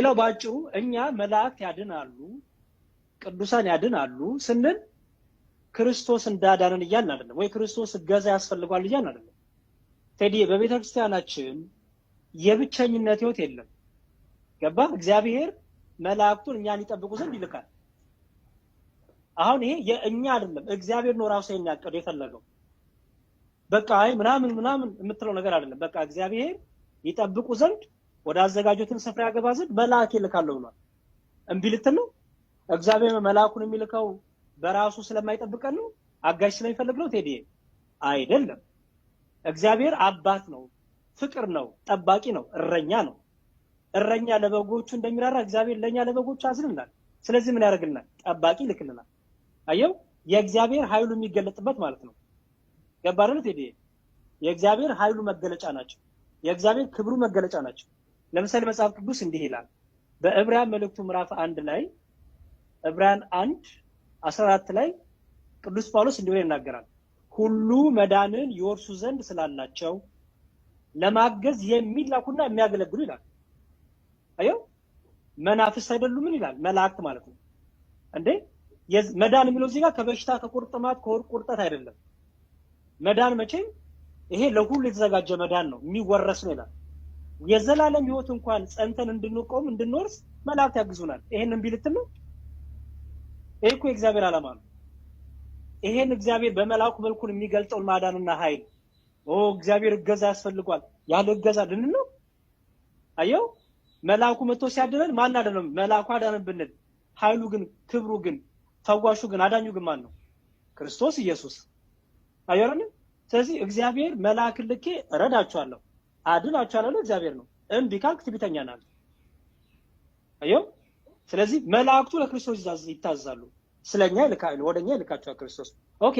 ሌላው በአጭሩ እኛ መላእክት ያድናሉ፣ ቅዱሳን ያድናሉ ስንል ክርስቶስ እንዳዳነን እያልን አይደለም፣ ወይ ክርስቶስ እገዛ ያስፈልጓል እያልን አይደለም። ቴዲ በቤተ ክርስቲያናችን የብቸኝነት ህይወት የለም። ገባ? እግዚአብሔር መላእክቱን እኛን ይጠብቁ ዘንድ ይልካል። አሁን ይሄ የእኛ አይደለም፣ እግዚአብሔር ነው ራሱ የሚያቀዱ የፈለገው በቃ አይ ምናምን ምናምን የምትለው ነገር አይደለም። በቃ እግዚአብሔር ይጠብቁ ዘንድ ወደ አዘጋጁትን ስፍራ ያገባ ዘንድ መልአክ ይልካለሁ ብሏል። እምቢ ልትል ነው? እግዚአብሔር መልአኩን የሚልከው በራሱ ስለማይጠብቀን ነው? አጋዥ ስለሚፈልግ ነው? ቴዲ አይደለም። እግዚአብሔር አባት ነው፣ ፍቅር ነው፣ ጠባቂ ነው፣ እረኛ ነው። እረኛ ለበጎቹ እንደሚራራ እግዚአብሔር ለእኛ ለበጎቹ አዝንናል። ስለዚህ ምን ያደርግልናል? ጠባቂ ይልክልናል። አየው፣ የእግዚአብሔር ኃይሉ የሚገለጥበት ማለት ነው። ገባህ ቴዲ? የእግዚአብሔር ኃይሉ መገለጫ ናቸው። የእግዚአብሔር ክብሩ መገለጫ ናቸው። ለምሳሌ መጽሐፍ ቅዱስ እንዲህ ይላል በዕብራን መልእክቱ ምዕራፍ አንድ ላይ ዕብራን አንድ አስራ አራት ላይ ቅዱስ ጳውሎስ እንዲሆነ ይናገራል ሁሉ መዳንን ይወርሱ ዘንድ ስላላቸው ለማገዝ የሚላኩና የሚያገለግሉ ይላል። አየው መናፍስት አይደሉምን ይላል መላእክት ማለት ነው። እንዴ መዳን የሚለው ዜጋ ከበሽታ ከቁርጥማት ቁርጠት አይደለም። መዳን መቼም ይሄ ለሁሉ የተዘጋጀ መዳን ነው፣ የሚወረስ ነው ይላል። የዘላለም ህይወት እንኳን ጸንተን እንድንቆም እንድንወርስ መላእክት ያግዙናል። ይሄንን ቢልትም ነው ይህ እኮ የእግዚአብሔር ዓላማ ነው። ይሄን እግዚአብሔር በመላኩ በልኩን የሚገልጠውን ማዳንና ኃይል ኦ እግዚአብሔር እገዛ ያስፈልጓል ያለ እገዛ ልንል ነው። አየው መልአኩ መጥቶ ሲያድነን ማን አደለም? መልአኩ አዳነን ብንል ኃይሉ ግን ክብሩ ግን ፈዋሹ ግን አዳኙ ግን ማን ነው? ክርስቶስ ኢየሱስ። አየረን። ስለዚህ እግዚአብሔር መልአክን ልኬ እረዳችኋለሁ አድናችሁ ያለው እግዚአብሔር ነው። እምቢ ካልክ ትዕቢተኛ ናት። አየው። ስለዚህ መላእክቱ ለክርስቶስ ይታዛሉ። ስለኛ ይልካ ወደኛ ይልካቸዋል ክርስቶስ ኦኬ።